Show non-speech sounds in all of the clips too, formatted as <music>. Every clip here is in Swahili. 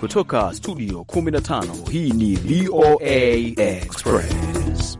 Kutoka studio 15 hii ni VOA Express.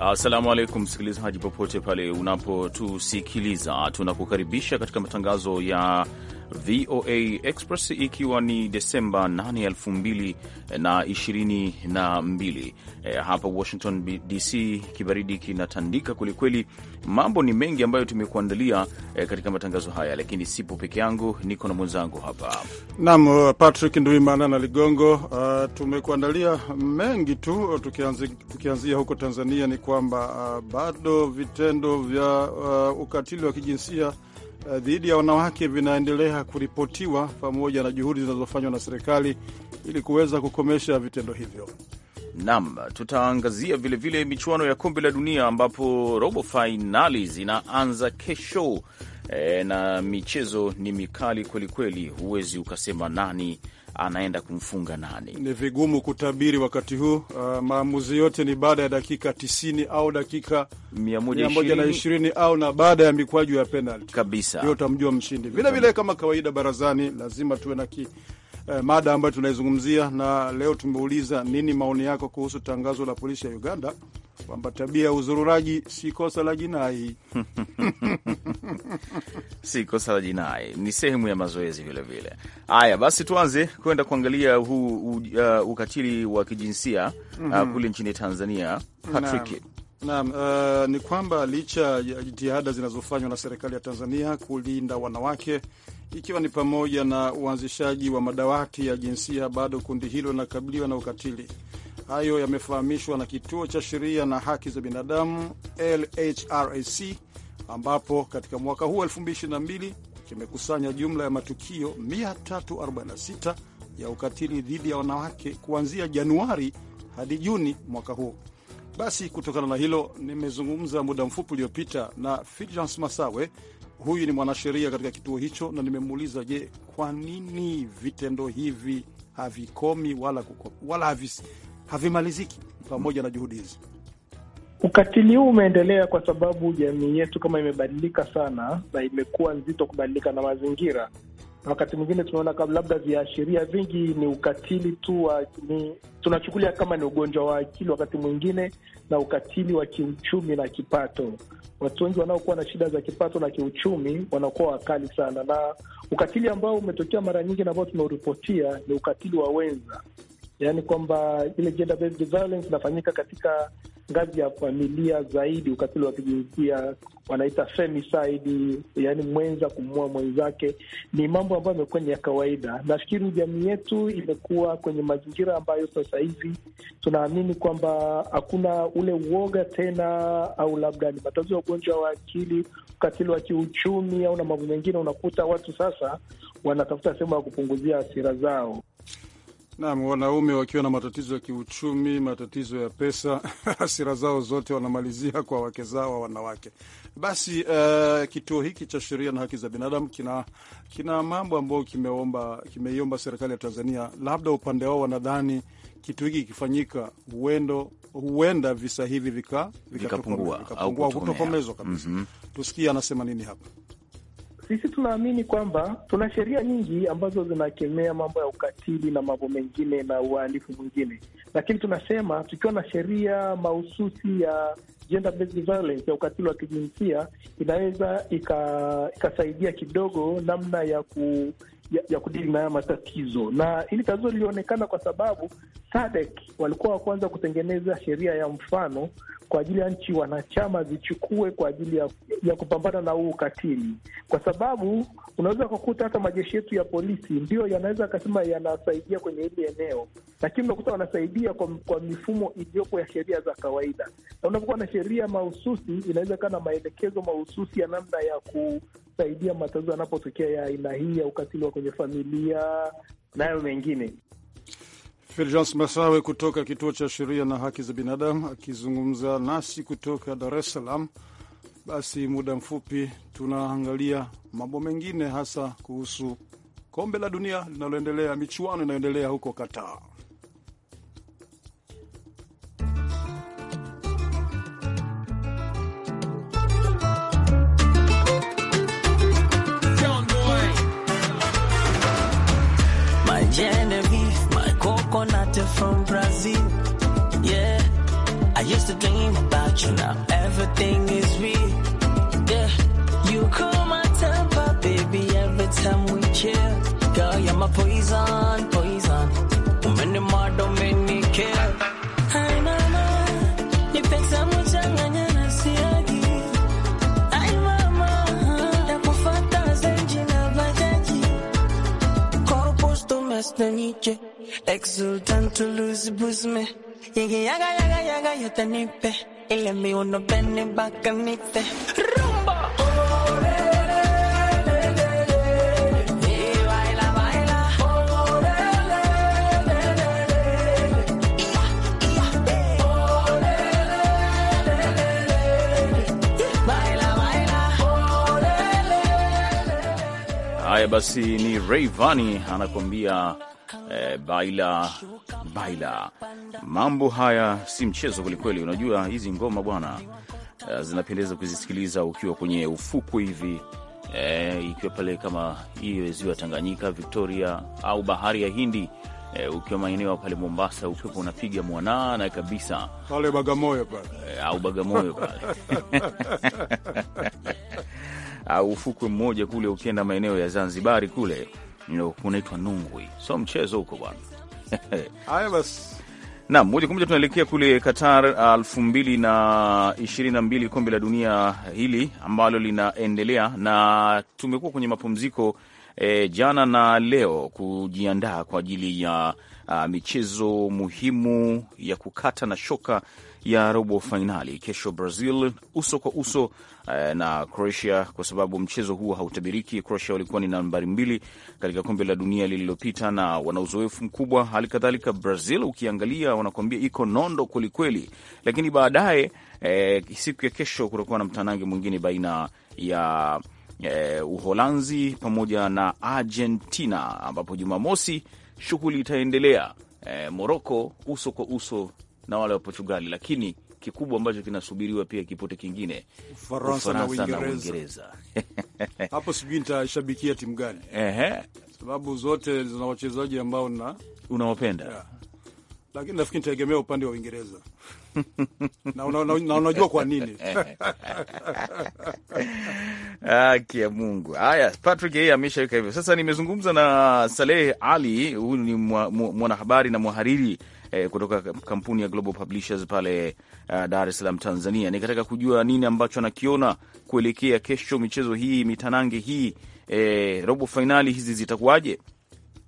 Assalamu alaikum msikilizaji, popote pale unapotusikiliza, tunakukaribisha katika matangazo ya VOA Express ikiwa ni Desemba 8, 2022. E, hapa Washington DC kibaridi kinatandika kwelikweli. Mambo ni mengi ambayo tumekuandalia e, katika matangazo haya, lakini sipo peke yangu, niko na mwenzangu hapa nam uh, Patrick Nduimana na Ligongo. Uh, tumekuandalia mengi tu. Tukianzi, tukianzia huko Tanzania ni kwamba uh, bado vitendo vya uh, ukatili wa kijinsia Eh, dhidi ya wanawake vinaendelea kuripotiwa pamoja na juhudi zinazofanywa na serikali ili kuweza kukomesha vitendo hivyo. Nam, tutaangazia vilevile michuano ya kombe la dunia ambapo robo fainali zinaanza kesho. E, na michezo ni mikali kwelikweli, huwezi ukasema nani anaenda kumfunga nani, ni vigumu kutabiri wakati huu. Uh, maamuzi yote ni baada ya dakika 90 au dakika 120 au na baada ya mikwaju ya penalti kabisa, ndio utamjua mshindi. Vilevile kama kawaida, barazani lazima tuwe na ki eh, mada ambayo tunaizungumzia, na leo tumeuliza nini maoni yako kuhusu tangazo la polisi ya Uganda kwamba tabia ya uzururaji si kosa la jinai <laughs> si kosa la jinai, ni sehemu ya mazoezi vilevile. Haya basi, tuanze kwenda kuangalia huu uh, ukatili wa kijinsia mm -hmm. uh, mhm. kule nchini Tanzania Patrick. Naam, uh, ni kwamba licha ya jitihada zinazofanywa na serikali ya Tanzania kulinda wanawake ikiwa ni pamoja na uanzishaji wa madawati ya jinsia, bado kundi hilo linakabiliwa na ukatili. Hayo yamefahamishwa na kituo cha sheria na haki za binadamu LHRAC ambapo katika mwaka huu 2022 kimekusanya jumla ya matukio 346 ya ukatili dhidi ya wanawake kuanzia Januari hadi Juni mwaka huu. Basi kutokana na hilo, nimezungumza muda mfupi uliopita na Fulgence Masawe. Huyu ni mwanasheria katika kituo hicho, na nimemuuliza, je, kwa nini vitendo hivi havikomi wala, wala havimaliziki pamoja na juhudi hizi? Ukatili huu umeendelea kwa sababu jamii yetu kama imebadilika sana na imekuwa nzito kubadilika na mazingira, na wakati mwingine tunaona labda viashiria vingi ni ukatili tu wa, ni tunachukulia kama ni ugonjwa wa akili wakati mwingine, na ukatili wa kiuchumi na kipato. Watu wengi wanaokuwa na shida za kipato na kiuchumi wanakuwa wakali sana, na ukatili ambao umetokea mara nyingi na ambao tunauripotia ni ukatili wa wenza yaani kwamba ile gender based violence inafanyika katika ngazi ya familia zaidi, ukatili wa kijinsia wanaita femicide, yaani mwenza kumua mwenzake, ni mambo ambayo yamekuwa ni ya kawaida. Nafikiri jamii yetu imekuwa kwenye mazingira ambayo sasa hivi tunaamini kwamba hakuna ule uoga tena, au labda ni matatizo ya ugonjwa wa akili, ukatili wa kiuchumi, au na mambo mengine. Unakuta watu sasa wanatafuta sehemu ya kupunguzia hasira zao. Naam, wanaume wakiwa na matatizo ya kiuchumi, matatizo ya pesa, <laughs> hasira zao zote wanamalizia kwa wake zao wa wanawake. Basi uh, kituo hiki cha sheria na haki za binadamu kina, kina mambo ambayo kimeiomba kime serikali ya Tanzania, labda upande wao wanadhani kitu hiki kikifanyika, huenda visa hivi vikapungua vika vika au kutokomezwa kabisa. mm -hmm. Tusikie anasema nini hapa. Sisi tunaamini kwamba tuna sheria nyingi ambazo zinakemea mambo ya ukatili na mambo mengine na uhalifu mwingine, lakini tunasema tukiwa na sheria mahususi ya gender based violence, ya ukatili wa kijinsia inaweza ikasaidia ika kidogo namna ya ku ya, ya kudili haya matatizo na hili tatizo lilionekana kwa sababu SADC walikuwa wa kwanza kutengeneza sheria ya mfano kwa ajili ya nchi wanachama zichukue kwa ajili ya, ya kupambana na huu ukatili, kwa sababu unaweza kukuta hata majeshi yetu ya polisi ndio yanaweza akasema yanasaidia kwenye hili eneo, lakini unakuta wanasaidia kwa, kwa mifumo iliyopo ya sheria za kawaida, na unapokuwa na sheria mahususi inaweza kaa na maelekezo mahususi ya namna ya kusaidia matatizo yanapotokea ya aina hii ya ukatili wa kwenye familia nayo mengine. Filjans Masawe kutoka kituo cha sheria na haki za binadamu akizungumza nasi kutoka Dar es Salaam. Basi muda mfupi tunaangalia mambo mengine, hasa kuhusu kombe la dunia linaloendelea, michuano inayoendelea huko Qatar. from Brazil. Yeah, I used to dream about you. Now everything is real. Yeah, you call my temper, baby. Every time we chill, girl, you're my poison, poison. When the more don't make me care. Hi, mama, you think someone's Naniche. exultant toulouse me yingi yaga yaga yaga yote nipe ile miuno peni baka nipe rumba Haya basi, ni Rayvanny anakuambia eh, baila baila. Mambo haya si mchezo kwelikweli. Unajua hizi ngoma bwana, eh, zinapendeza kuzisikiliza ukiwa kwenye ufukwe hivi e, ikiwa pale kama hiyo ziwa Tanganyika, Victoria au bahari ya Hindi. E, ukiwa maeneo pale Mombasa upepo unapiga mwanana kabisa pale Bagamoyo pale e, au Bagamoyo pale <laughs> au ufukwe mmoja kule, ukienda maeneo ya Zanzibari kule unaitwa Nungwi, so mchezo huko bwana. <laughs> Haya basi na moja kwa moja tunaelekea kule Qatar uh, elfu mbili na ishirini na mbili kombe la dunia hili ambalo linaendelea, na tumekuwa kwenye mapumziko e, jana na leo kujiandaa kwa ajili ya a, uh, michezo muhimu ya kukata na shoka ya robo fainali kesho, Brazil uso kwa uso eh, na Croatia, kwa sababu mchezo huo hautabiriki. Croatia walikuwa ni nambari mbili katika kombe la dunia lililopita na wana uzoefu mkubwa. Hali kadhalika Brazil, ukiangalia wanakuambia iko nondo kwelikweli, lakini baadaye eh, siku ya kesho kutakuwa na mtanange mwingine baina ya eh, Uholanzi pamoja na Argentina, ambapo Jumamosi shughuli itaendelea. Eh, Moroko uso kwa uso na wale wa Portugali, lakini kikubwa ambacho kinasubiriwa pia kipote kingine Ufaransa na Uingereza. <laughs> Hapo sijui nitashabikia timu gani, sababu zote zina wachezaji ambao na unawapenda yeah. Lakini nafikiri nitaegemea upande wa Uingereza <laughs> na unajua kwa nini? <laughs> akia Mungu. Haya, Patrick yeye ameshaweka hivyo. Sasa nimezungumza na Saleh Ali, huyu ni mwanahabari na mwahariri eh, kutoka kampuni ya Global Publishers pale uh, Dar es Salaam Tanzania. Nikataka kujua nini ambacho anakiona kuelekea kesho, michezo hii mitanange hii, eh, robo fainali hizi zitakuwaje?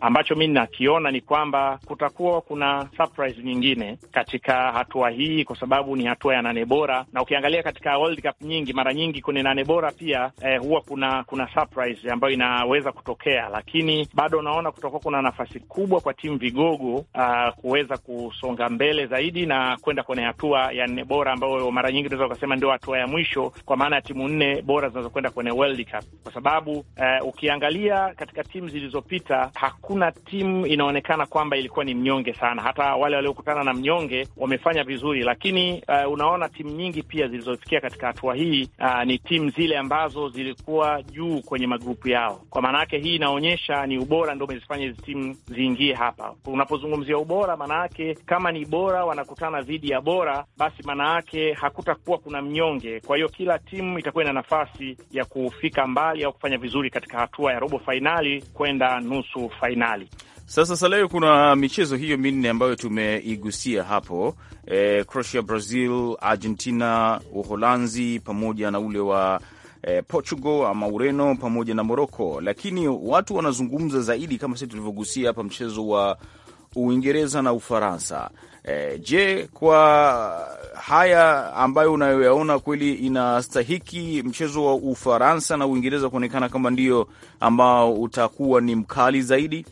ambacho mi nakiona ni kwamba kutakuwa kuna surprise nyingine katika hatua hii, kwa sababu ni hatua ya nane bora, na ukiangalia katika World Cup nyingi, mara nyingi kwenye nane bora pia eh, huwa kuna kuna surprise ambayo inaweza kutokea, lakini bado unaona kutakuwa kuna nafasi kubwa kwa timu vigogo uh, kuweza kusonga mbele zaidi na kwenda kwenye hatua ya nne bora, ambayo mara nyingi unaweza ukasema ndio hatua ya mwisho kwa maana ya timu nne bora zinazokwenda kwenye World Cup, kwa sababu uh, ukiangalia katika timu zilizopita hakuna timu inaonekana kwamba ilikuwa ni mnyonge sana. Hata wale waliokutana na mnyonge wamefanya vizuri, lakini uh, unaona timu nyingi pia zilizofikia katika hatua hii uh, ni timu zile ambazo zilikuwa juu kwenye magrupu yao. Kwa maana yake hii inaonyesha ni ubora ndo umezifanya hizi timu ziingie hapa. Unapozungumzia ubora, maana yake kama ni bora wanakutana dhidi ya bora, basi maana yake hakutakuwa kuna mnyonge. Kwa hiyo kila timu itakuwa ina nafasi ya kufika mbali au kufanya vizuri katika hatua ya robo fainali kwenda nusu fainali fainali. Sasa saleo kuna michezo hiyo minne ambayo tumeigusia hapo, e, Croatia, Brazil, Argentina, Uholanzi pamoja na ule wa e, Portugal ama Ureno pamoja na Morocco, lakini watu wanazungumza zaidi kama sisi tulivyogusia hapa mchezo wa Uingereza na Ufaransa. E, je, kwa haya ambayo unayoyaona kweli inastahiki mchezo wa Ufaransa na Uingereza kuonekana kama ndio ambao utakuwa ni mkali zaidi?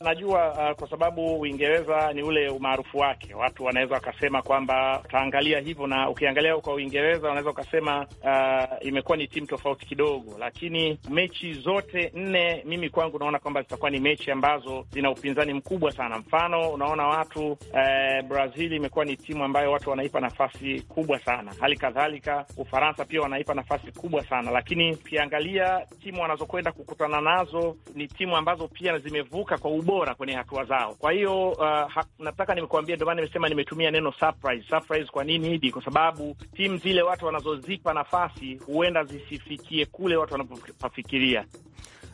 Najua uh, kwa sababu Uingereza ni ule umaarufu wake, watu wanaweza wakasema kwamba utaangalia hivyo, na ukiangalia kwa Uingereza unaweza ukasema uh, imekuwa ni timu tofauti kidogo, lakini mechi zote nne mimi kwangu naona kwamba zitakuwa ni mechi ambazo zina upinzani mkubwa sana. Mfano, unaona watu uh, Brazil imekuwa ni timu ambayo watu wanaipa nafasi kubwa sana, hali kadhalika Ufaransa pia wanaipa nafasi kubwa sana, lakini ukiangalia timu wanazokwenda kukutana nazo ni timu ambazo pia zimevuka kwa ubora kwenye hatua zao. Kwa hiyo uh, nataka nimekuambia, ndio maana nimesema nimetumia neno surprise. Surprise kwa nini hidi? Kwa sababu timu zile watu wanazozipa nafasi huenda zisifikie kule watu wanapofikiria.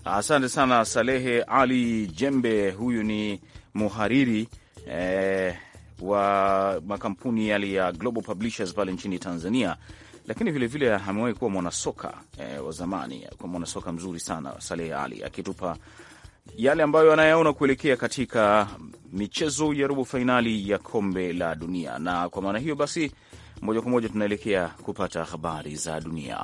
Asante sana Salehe Ali Jembe, huyu ni muhariri eh, wa makampuni yale ya Global Publishers pale nchini Tanzania, lakini vilevile amewahi kuwa mwanasoka eh, wa zamani, kuwa mwanasoka mzuri sana Salehe Ali akitupa yale ambayo anayaona kuelekea katika michezo ya robo fainali ya kombe la dunia. Na kwa maana hiyo basi, moja kwa moja tunaelekea kupata habari za dunia.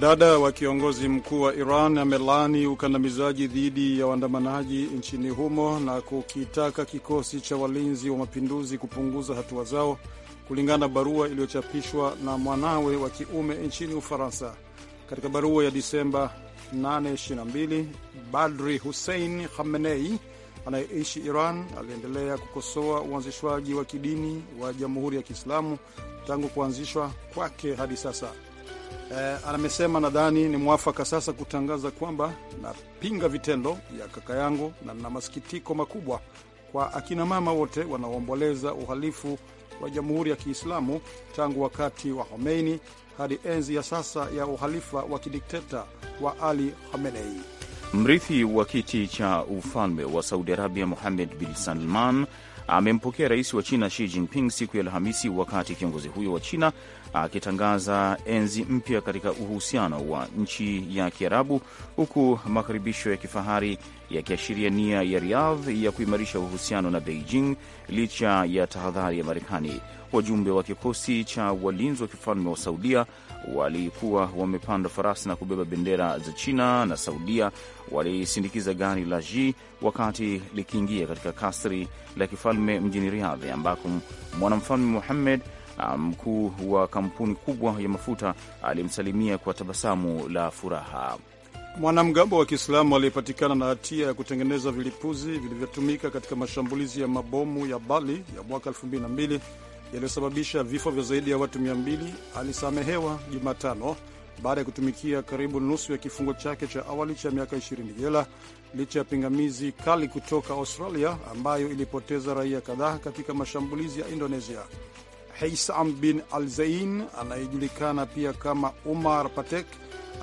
Dada wa kiongozi mkuu wa Iran amelaani ukandamizaji dhidi ya waandamanaji nchini humo na kukitaka kikosi cha walinzi wa mapinduzi kupunguza hatua zao kulingana na barua iliyochapishwa na mwanawe wa kiume nchini Ufaransa. Katika barua ya Disemba 822 Badri Hussein Khamenei anayeishi Iran aliendelea kukosoa uanzishwaji wa kidini wa Jamhuri ya Kiislamu tangu kuanzishwa kwake hadi sasa. Eh, amesema nadhani ni mwafaka sasa kutangaza kwamba napinga vitendo ya kaka yangu na nina masikitiko makubwa kwa akinamama wote wanaoomboleza uhalifu wa Jamhuri ya Kiislamu tangu wakati wa Khomeini hadi enzi ya sasa ya uhalifa wa kidikteta wa Ali Khamenei. Mrithi wa kiti cha ufalme wa Saudi Arabia muhamed bin Salman amempokea rais wa China Xi Jinping siku ya Alhamisi, wakati kiongozi huyo wa China akitangaza enzi mpya katika uhusiano wa nchi ya Kiarabu, huku makaribisho ya kifahari yakiashiria nia ya Riyadh ya kuimarisha uhusiano na Beijing licha ya tahadhari ya Marekani. Wajumbe wa kikosi cha walinzi wa kifalme wa Saudia walikuwa wamepanda farasi na kubeba bendera za China na Saudia, walisindikiza gari la Xi wakati likiingia katika kasri la kifalme mjini Riyadh, ambako mwanamfalme Muhammed um, mkuu wa kampuni kubwa ya mafuta alimsalimia kwa tabasamu la furaha. Mwanamgambo wa Kiislamu aliyepatikana na hatia ya kutengeneza vilipuzi vilivyotumika katika mashambulizi ya mabomu ya Bali ya mwaka 2002 yaliyosababisha vifo vya zaidi ya watu 200 alisamehewa Jumatano baada ya kutumikia karibu nusu ya kifungo chake cha awali cha miaka 20 jela licha ya pingamizi kali kutoka Australia ambayo ilipoteza raia kadhaa katika mashambulizi ya Indonesia. Heisam bin Alzein anayejulikana pia kama Umar Patek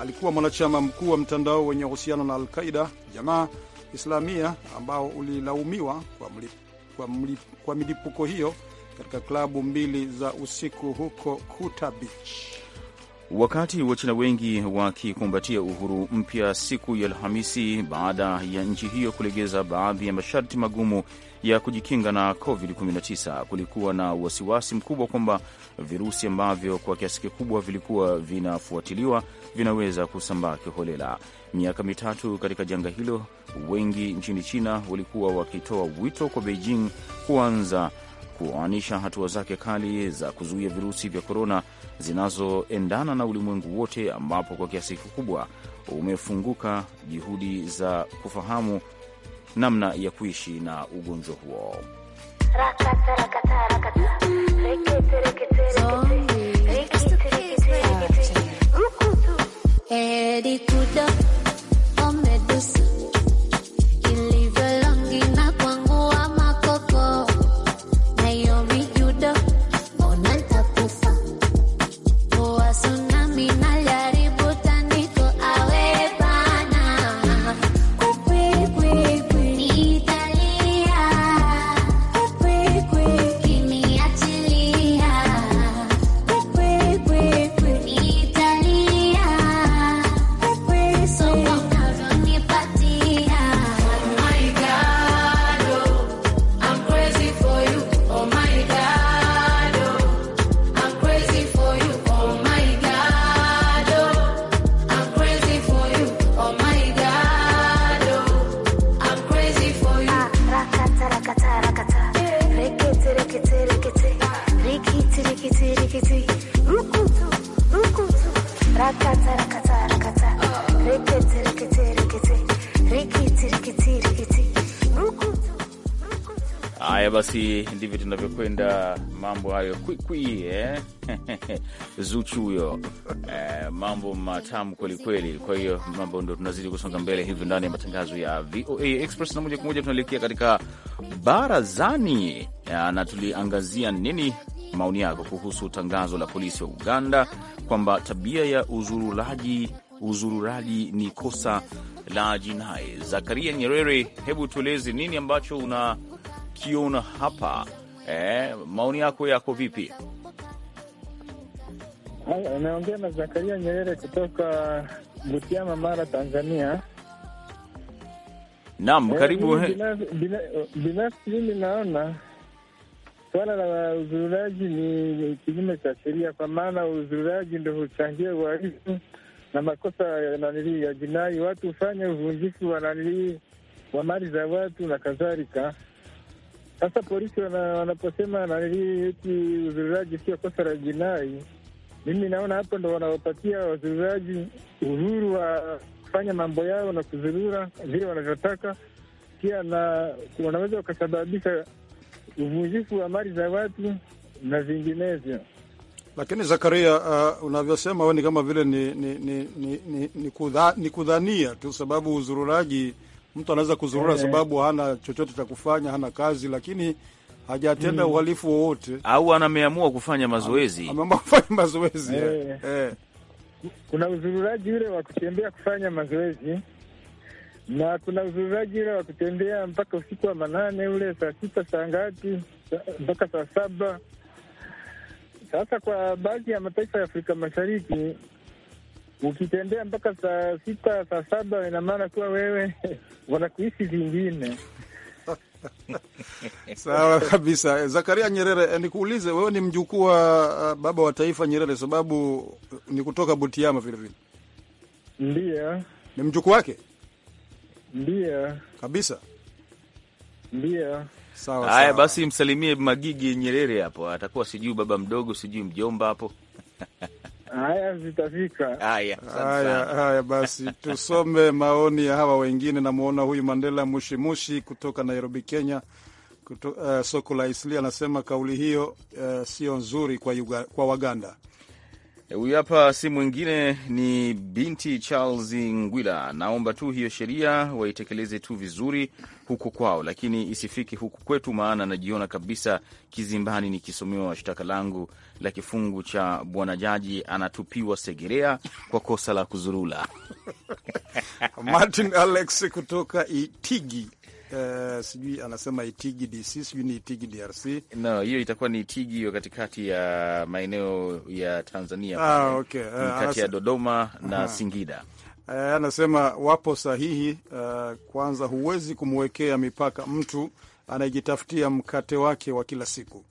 alikuwa mwanachama mkuu wa mtandao wenye uhusiano na Alqaida Jamaa Islamia ambao ulilaumiwa kwa, mli, kwa, mli, kwa milipuko hiyo katika klabu mbili za usiku huko Kuta Beach. Wakati Wachina wengi wakikumbatia uhuru mpya siku ya Alhamisi baada ya nchi hiyo kulegeza baadhi ya masharti magumu ya kujikinga na COVID-19, kulikuwa na wasiwasi mkubwa kwamba virusi ambavyo kwa kiasi kikubwa vilikuwa vinafuatiliwa vinaweza kusambaa kiholela. Miaka mitatu katika janga hilo, wengi nchini China walikuwa wakitoa wito kwa Beijing kuanza kuoanisha hatua zake kali za kuzuia virusi vya korona zinazoendana na ulimwengu wote, ambapo kwa kiasi kikubwa umefunguka juhudi za kufahamu namna ya kuishi na ugonjwa huo. Haya basi, ndivyo tunavyokwenda mambo hayo kwikwi, eh? <laughs> Zuchu huyo eh, mambo matamu kwelikweli. Kwa hiyo mambo ndo tunazidi kusonga mbele hivyo ndani ya matangazo ya VOA Express, na moja kwa moja tunaelekea katika barazani na tuliangazia nini maoni yako kuhusu tangazo la polisi wa Uganda kwamba tabia ya uzururaji uzururaji ni kosa la jinai. Zakaria Nyerere, hebu tueleze nini ambacho una Kion hapa eh, maoni yako yako vipi? Anaongea na Zakaria Nyerere kutoka Butiama, Mara, Tanzania. Naam, eh, karibu. Binafsi mimi naona suala la uzururaji ni kinyume cha sheria, kwa maana uzururaji ndo huchangia uhalifu na makosa nanilii ya jinai. Watu hufanya uvunjifu wa nanilii wa mali za watu na kadhalika. Sasa polisi wanaposema nanili eti uzururaji sio kosa la jinai, mimi naona hapo ndo wanawapatia wazururaji uhuru wa kufanya mambo yao na kuzurura vile wanavyotaka. Pia na wanaweza wakasababisha uvunjifu wa mali za watu na vinginevyo. Lakini Zakaria, uh, unavyosema we ni kama vile ni, ni, ni, ni, ni, ni, kudha, ni kudhania tu, sababu uzururaji Mtu anaweza kuzurura eh. sababu hana chochote cha kufanya, hana kazi, lakini hajatenda mm. uhalifu wowote, au anameamua kufanya mazoezi, ameamua kufanya mazoezi yeah. Yeah. Eh. Kuna uzururaji ule wa kutembea kufanya mazoezi na kuna uzururaji ule wa kutembea mpaka usiku wa manane ule saa sita saa ngapi mpaka saa saba. Sasa kwa baadhi ya mataifa ya Afrika Mashariki ukitembea mpaka saa sita saa saba, ina maana kuwa wewe <laughs> wanakuishi vingine. <laughs> Sawa kabisa. Zakaria Nyerere, eh, nikuulize wewe, ni mjukuu wa eh, baba wa taifa Nyerere sababu eh, ni kutoka Butiama vilevile? ndio ni mjukuu wake. ndio kabisa, ndio. Sawa, haya basi, msalimie Magigi Nyerere hapo, atakuwa sijui baba mdogo, sijui mjomba hapo <laughs> Haya, zitafika. Haya, haya, basi tusome maoni ya hawa wengine. Namwona huyu Mandela Mushimushi kutoka Nairobi, Kenya. Kuto, uh, soko la Isli anasema kauli hiyo uh, sio nzuri kwa, Yuga, kwa Waganda. Huyu hapa si mwingine ni binti Charles Ngwila. Naomba tu hiyo sheria waitekeleze tu vizuri huku kwao, lakini isifike huku kwetu, maana najiona kabisa kizimbani nikisomewa shtaka langu la kifungu cha bwana jaji anatupiwa Segerea kwa kosa la kuzurula. <laughs> Martin Alex kutoka Itigi Eh, sijui anasema Itigi DC, sijui ni Itigi DRC. No, hiyo itakuwa ni Itigi hiyo katikati ya maeneo ya Tanzania ah, okay. Uh, kati anasema, ya Dodoma na uh, Singida uh, anasema wapo sahihi. Uh, kwanza huwezi kumwekea mipaka mtu anayejitafutia mkate wake wa kila siku.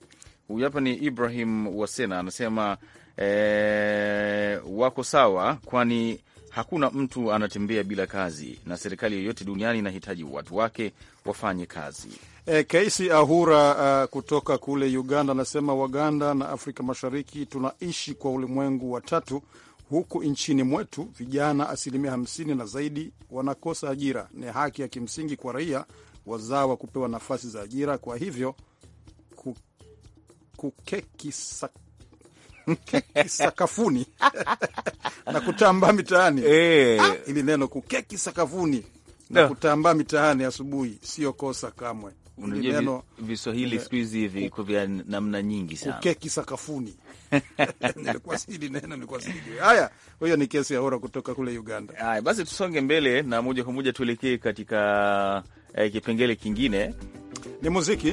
Huyu hapa ni Ibrahim Wasena anasema eh, wako sawa kwani Hakuna mtu anatembea bila kazi, na serikali yoyote duniani inahitaji watu wake wafanye kazi. E, Kaisi Ahura uh, kutoka kule Uganda anasema Waganda na Afrika Mashariki tunaishi kwa ulimwengu wa tatu, huku nchini mwetu vijana asilimia hamsini na zaidi wanakosa ajira. Ni haki ya kimsingi kwa raia wazawa kupewa nafasi za ajira, kwa hivyo kukekisa <laughs> Eh. keki sakafuni na kutambaa mitaani hey. Eh. Ili neno kukeki sakafuni na kutambaa mitaani asubuhi sio kosa kamwe unajua viswahili siku hizi hivi kwa vya namna nyingi sana, keki sakafuni <laughs> nilikuwa sili neno nilikuwa sili. Haya, huyo ni kesi ya Ora kutoka kule Uganda. Haya basi, tusonge mbele na moja kwa moja tuelekee katika eh, kipengele kingine ni muziki.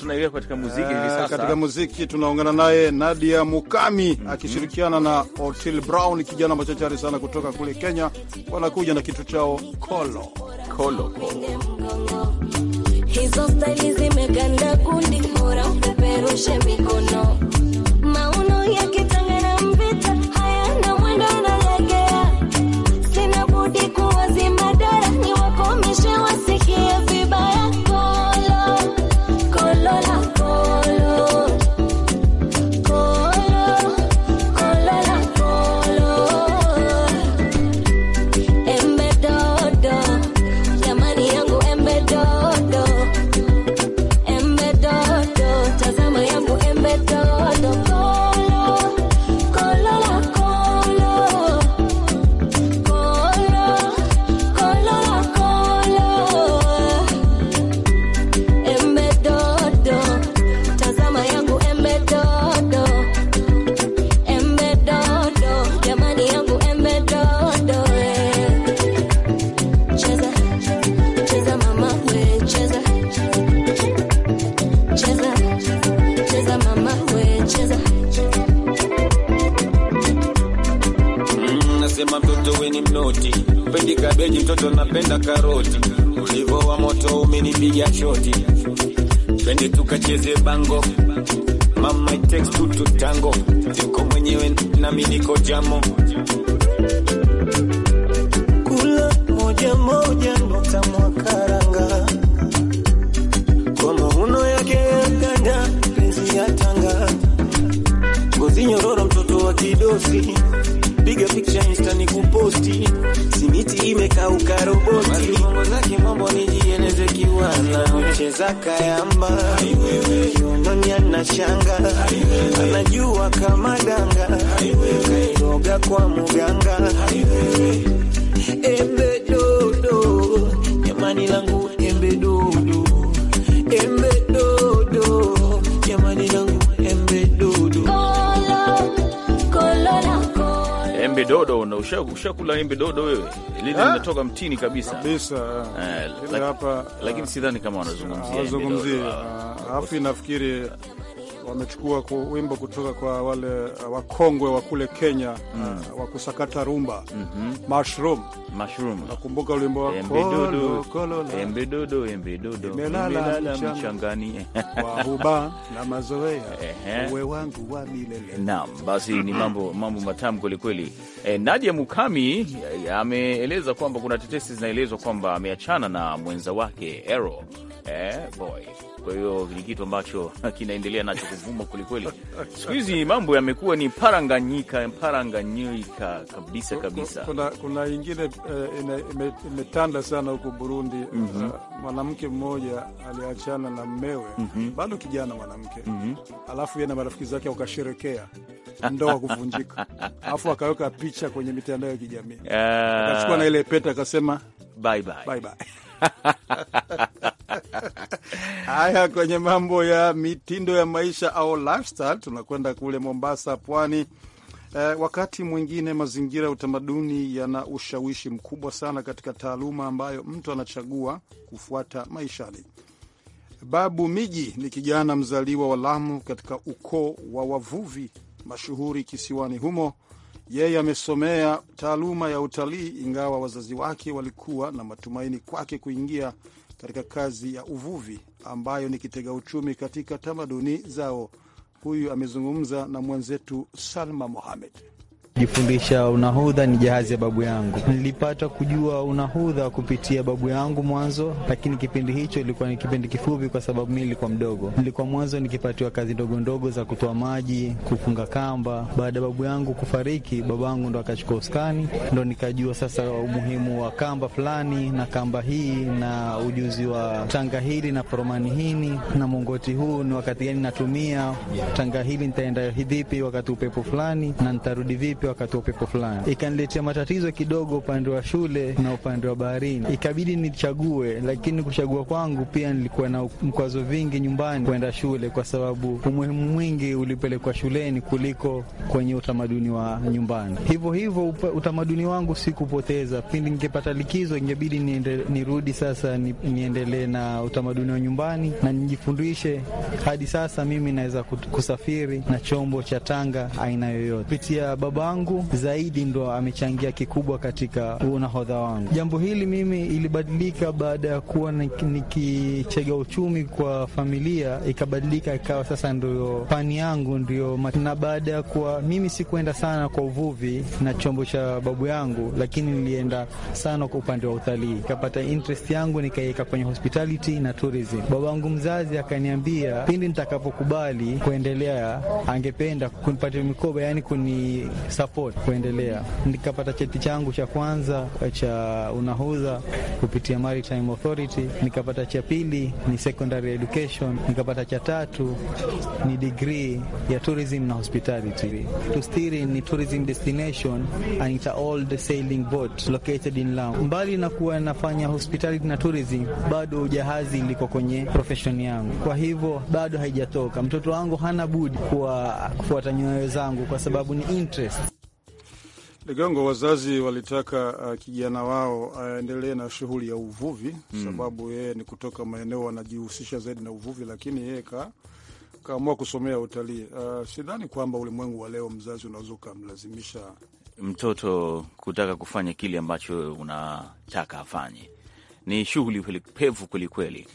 Tunaingia katika muziki hivi eh, sasa. Katika muziki tunaungana naye Nadia Mukami mm -hmm. akishirikiana na Otil Brown, kijana machachari sana kutoka kule Kenya. Wanakuja na kitu chao kolo kolo, kolo hizo staili zimeganda kundi, bora upeperushe mikono mauno ya Unasema mtoto weni mnoti, pendi kabeji mtoto napenda karoti, ulivo wa moto umenipiga shoti, twende tukacheze bango, mama it takes two to tango, niko mwenyewe nami niko jamo, kula moja moja nota mwakaranga kwa mahuno yake yakanda penzi ya tanga, ngozi nyororo mtoto wa kidosi Piga picha insta nikuposti, si miti imekauka roboti, mambo zake mambo nijieleze kiwana, ucheza kayamba nyonya na shanga, anajua kama danga, kairoga kwa muganga embedodo, jamani langu embedodo embe dodo na ushakula embe dodo wewe, lile eh? linatoka mtini kabisa kabisa, eh, laki, lakini eh, sidhani kama wanazungumzia, wanazungumzia, ah, alafu nafikiri wamechukua wimbo kutoka kwa wale uh, wakongwe wa kule Kenya uh, mm. uh, wa kusakata rumba mm -hmm. Mushroom. Mushroom. Nakumbuka wimbo wa embe dodo embe dodo imelala mchangani <laughs> wa na mazoea uwe wangu wa milele. Naam, basi ni mambo mambo matamu kwelikweli. E, eh, Nadia Mukami eh, ameeleza kwamba kuna tetesi zinaelezwa kwamba ameachana na mwenza wake Ero. Eh, boy kwa hiyo ni kitu ambacho <laughs> kinaendelea nacho kuvuma kwelikweli. <laughs> Siku hizi mambo yamekuwa ni paranganyika paranganyika kabisa kabisa. Kuna, kuna ingine uh, imetanda sana huko Burundi. mm -hmm. Mwanamke mmoja aliachana na mmewe mm -hmm. bado kijana mwanamke mm -hmm. alafu yeye na marafiki zake wakasherekea <laughs> ndoa kuvunjika, alafu akaweka picha kwenye mitandao ya kijamii ah. akachukua uh... na ile pete akasema bye bye. Bye bye. Haya, kwenye mambo ya mitindo ya maisha au lifestyle, tunakwenda kule Mombasa, pwani. Eh, wakati mwingine mazingira ya utamaduni yana ushawishi mkubwa sana katika taaluma ambayo mtu anachagua kufuata maishani. Babu Miji ni kijana mzaliwa wa Lamu katika ukoo wa wavuvi mashuhuri kisiwani humo. Yeye amesomea taaluma ya utalii, ingawa wazazi wake walikuwa na matumaini kwake kuingia katika kazi ya uvuvi ambayo ni kitega uchumi katika tamaduni zao. Huyu amezungumza na mwenzetu Salma Mohamed kujifundisha unahudha ni jahazi ya babu yangu. Nilipata kujua unahudha kupitia babu yangu mwanzo, lakini kipindi hicho ilikuwa ni kipindi kifupi, kwa sababu mi nilikuwa mdogo. Nilikuwa mwanzo nikipatiwa kazi ndogo ndogo za kutoa maji, kufunga kamba. Baada ya babu yangu kufariki, baba yangu ndo akachukua uskani, ndo nikajua sasa umuhimu wa kamba fulani na kamba hii na ujuzi wa tanga hili na poromani hini na mongoti huu ni wakati gani natumia, tanga hili nitaenda vipi wakati upepo fulani na nitarudi vipi wakati wa upepo fulani, ikaniletea matatizo kidogo upande wa shule na upande wa baharini, ikabidi nichague. Lakini kuchagua kwangu pia nilikuwa na mkwazo vingi nyumbani kwenda shule, kwa sababu umuhimu mwingi ulipelekwa shuleni kuliko kwenye utamaduni wa nyumbani. Hivyo hivyo utamaduni wangu sikupoteza. Pindi ningepata likizo, ingebidi nirudi sasa niendelee na utamaduni wa nyumbani na nijifundishe. Hadi sasa mimi naweza kusafiri na chombo cha tanga aina yoyote kupitia baba wangu zaidi ndo amechangia kikubwa katika unahodha wangu. Jambo hili mimi ilibadilika baada ya kuwa nikichega uchumi kwa familia, ikabadilika ikawa sasa ndio pani yangu ndio. Na baada ya kuwa mimi sikuenda sana kwa uvuvi na chombo cha babu yangu, lakini nilienda sana kwa upande wa utalii, ikapata interest yangu nikaiweka kwenye hospitality na tourism. Babangu mzazi akaniambia pindi nitakapokubali kuendelea, angependa kunipatia mikoba, yani kuni support kuendelea. Nikapata cheti changu cha kwanza eh, cha unahuza kupitia Maritime Authority, nikapata cha pili ni secondary education, nikapata cha tatu ni degree ya tourism na hospitality. Tustiri ni tourism destination and it's an old sailing boat located in Lamu. Mbali na kuwa nafanya hospitality na tourism, bado ujahazi liko kwenye profession yangu, kwa hivyo bado haijatoka. Mtoto wangu hana budi kuwa kufuata nyoyo zangu, kwa sababu ni interest Ligongo, wazazi walitaka uh, kijana wao aendelee uh, na shughuli ya uvuvi mm. sababu yeye ni kutoka maeneo anajihusisha zaidi na uvuvi, lakini yeye ka kaamua kusomea utalii. Uh, sidhani kwamba ulimwengu wa leo mzazi unaweza ukamlazimisha mtoto kutaka kufanya kile ambacho unataka afanye. Ni shughuli pevu kwelikweli.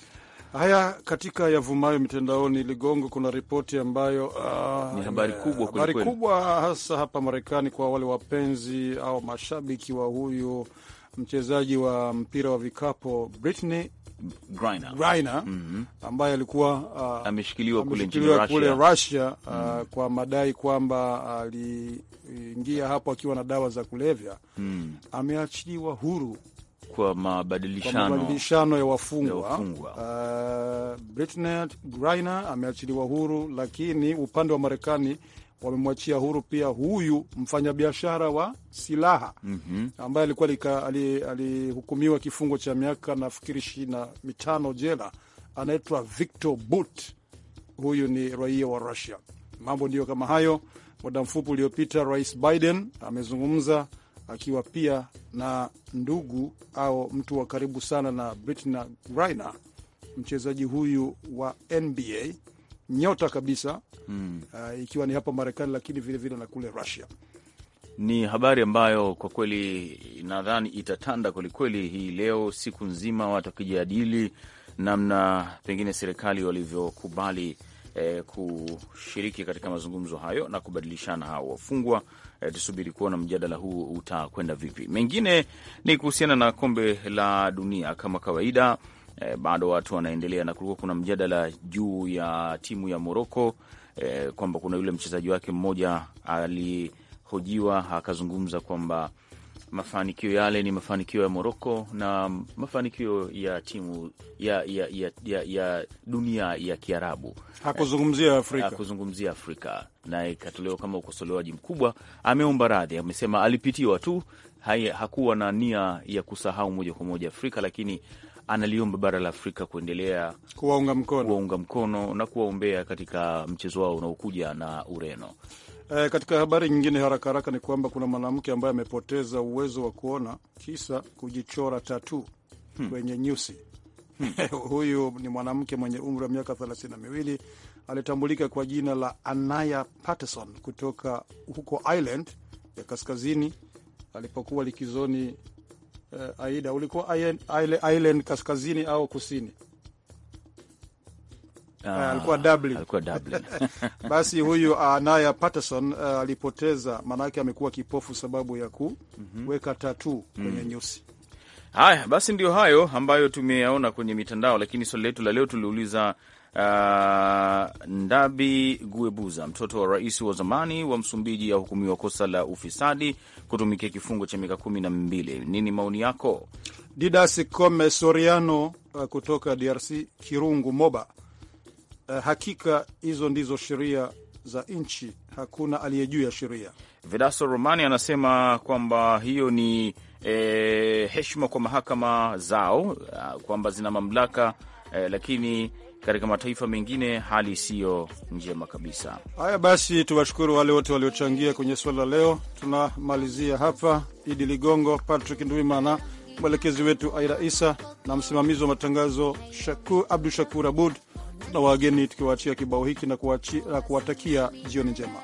Haya, katika yavumayo mitandaoni, Ligongo, kuna ripoti ambayo uh, ni habari kubwa, habari kubwa hasa hapa Marekani kwa wale wapenzi au mashabiki wa huyu mchezaji wa mpira wa vikapo Britney Griner, Griner mm -hmm. ambaye alikuwa uh, ameshikiliwa kule Russia, Russia uh, mm -hmm. kwa madai kwamba aliingia hapo akiwa na dawa za kulevya mm -hmm. ameachiliwa huru kwa mabadilishano, mabadilishano ya wafungwa, ya wafungwa. Uh, Griner ameachiliwa huru, lakini upande wa Marekani wamemwachia huru pia huyu mfanyabiashara wa silaha mm -hmm. ambaye alikuwa alihukumiwa ali kifungo cha miaka nafikiri ishirini na mitano jela, anaitwa Victor but Huyu ni raia wa Russia. Mambo ndiyo kama hayo. Muda mfupi uliopita, Rais Biden amezungumza akiwa pia na ndugu au mtu wa karibu sana na Britney Griner, mchezaji huyu wa NBA nyota kabisa hmm. Uh, ikiwa ni hapa Marekani lakini vilevile na kule Russia. Ni habari ambayo kwa kweli nadhani itatanda kwelikweli hii leo, siku nzima watu wakijadili namna pengine serikali walivyokubali eh, kushiriki katika mazungumzo hayo na kubadilishana hao wafungwa. Eh, tusubiri kuona mjadala huu utakwenda vipi. Mengine ni kuhusiana na kombe la dunia kama kawaida. Eh, bado watu wanaendelea na kulikuwa kuna mjadala juu ya timu ya Moroko eh, kwamba kuna yule mchezaji wake mmoja alihojiwa akazungumza kwamba mafanikio yale ni mafanikio ya Moroko na mafanikio ya timu ya, ya, ya, ya, ya dunia ya Kiarabu. Hakuzungumzia Afrika, hakuzungumzia Afrika na ikatolewa kama ukosolewaji mkubwa. Ameomba radhi, amesema alipitiwa tu, hai, hakuwa na nia ya kusahau moja kwa moja Afrika, lakini analiomba bara la Afrika kuendelea kuwaunga mkono, kuwaunga mkono na kuwaombea katika mchezo wao unaokuja na Ureno. E, katika habari nyingine haraka haraka ni kwamba kuna mwanamke ambaye amepoteza uwezo wa kuona kisa kujichora tatu hmm, kwenye nyusi hmm. <laughs> Huyu ni mwanamke mwenye umri wa miaka thelathini na miwili alitambulika kwa jina la Anaya Patterson kutoka huko Ireland ya kaskazini alipokuwa likizoni. Uh, Aida, ulikuwa Ireland kaskazini au kusini? Ah, alikuwa Dublin, alikuwa Dublin. <laughs> Basi huyu uh, ah, Naya Patterson ah, alipoteza maanake amekuwa kipofu sababu ya kuweka mhm. mm -hmm. tatu kwenye mm -hmm. nyusi. Haya basi, ndio hayo ambayo tumeyaona kwenye mitandao, lakini swali letu la leo tuliuliza Uh, Ndabi Guebuza, mtoto wa rais wa zamani wa Msumbiji, ahukumiwa kosa la ufisadi kutumikia kifungo cha miaka kumi na mbili. Nini maoni yako? Didas Come Soriano uh, kutoka DRC, Kirungu Moba Eh, hakika hizo ndizo sheria za nchi, hakuna aliye juu ya sheria. vedaso Romani anasema kwamba hiyo ni e, heshima kwa mahakama zao eh, kwamba zina mamlaka e, lakini katika mataifa mengine hali siyo njema kabisa. Haya basi, tuwashukuru wale wote waliochangia kwenye la leo. Tunamalizia hapa. Idi Ligongo, Patrick Ndwimana, mwelekezi wetu Aira Isa na msimamizi wa matangazo Abdu Shakur Abud na wageni, tukiwaachia kibao hiki na kuwatakia jioni njema.